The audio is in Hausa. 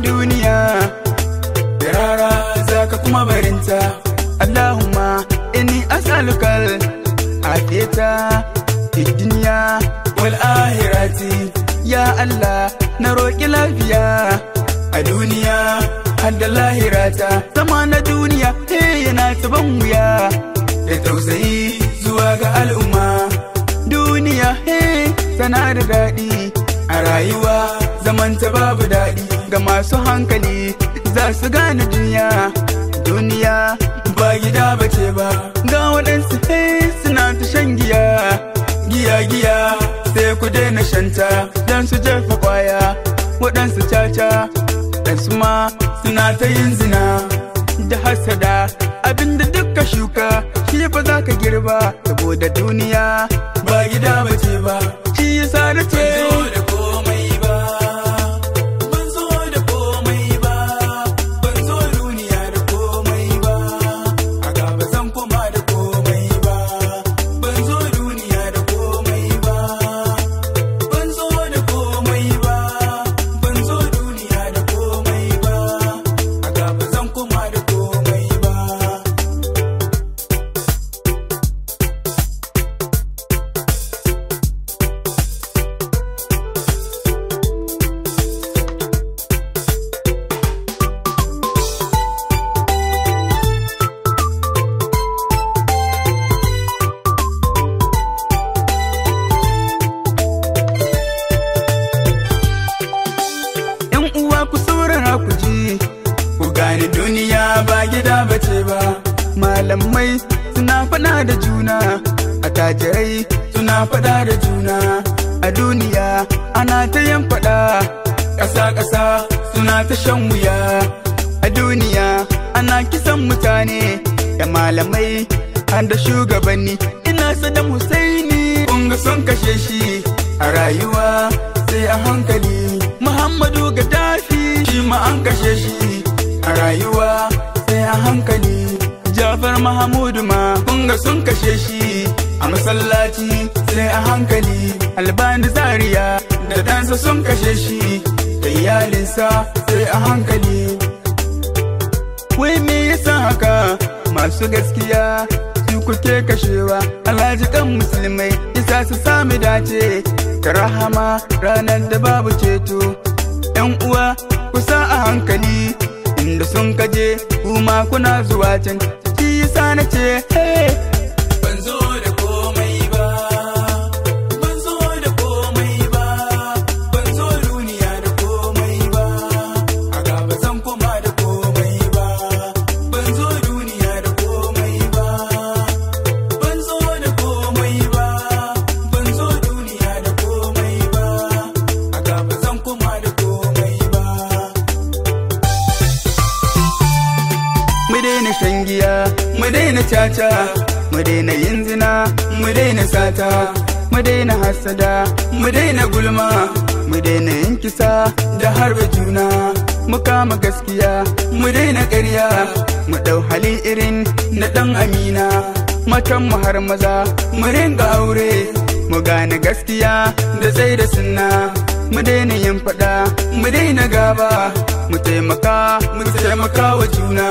duniya birara zaka kuma barinta Allahumma inni as'alukal afiyata fid duniya wal ahirati ya Allah na roƙi lafiya a duniya har da lahirata zama na duniya he eh, yana taban wuya da tausayi zuwa ga al'umma duniya he eh, tana da daɗi a rayuwa zamanta babu daɗi ga masu hankali za su gane duniya duniya ba gida ba ce ba ga waɗansu hey eh suna ta shan giya giya giya sai ku daina shanta don su jefa kwaya waɗansu caca su ma suna ta yin zina da hasada abinda duka shuka shi ba za ka girba saboda duniya ba gida ba ce ba shi yasa da ce malamai suna fada da juna attajirai suna fada da juna a duniya ana ta yan fada ƙasa-ƙasa suna ta shan wuya a duniya ana kisan mutane da malamai har da shugabanni ina sadam husaini kunga son kashe shi a rayuwa sai a hankali muhammadu ga shi ma an kashe shi a rayuwa sai a hankali Jafar Mahamudu ma kunga sun kashe shi a masallaci sai a hankali albani zaria da ɗansa sun kashe shi da iyalinsa sai a hankali. Wai me yasa haka masu gaskiya su kuke kashewa alhaji kan musulmai isa su sami dace ta rahama ranar da babu ceto. ‘Yan uwa kusa a hankali inda sun kaje kuma kuna zuwa can on Hey. caca mu daina yin zina mu daina sata mu daina hasada mu daina gulma mu daina yin kisa da harba juna mu kama gaskiya mu daina ƙarya mu ɗau hali irin na ɗan amina matan mu har maza mu ringa aure mu gane gaskiya da tsaye da sunna mu daina yin faɗa mu daina gaba mu taimaka mu taimaka wa juna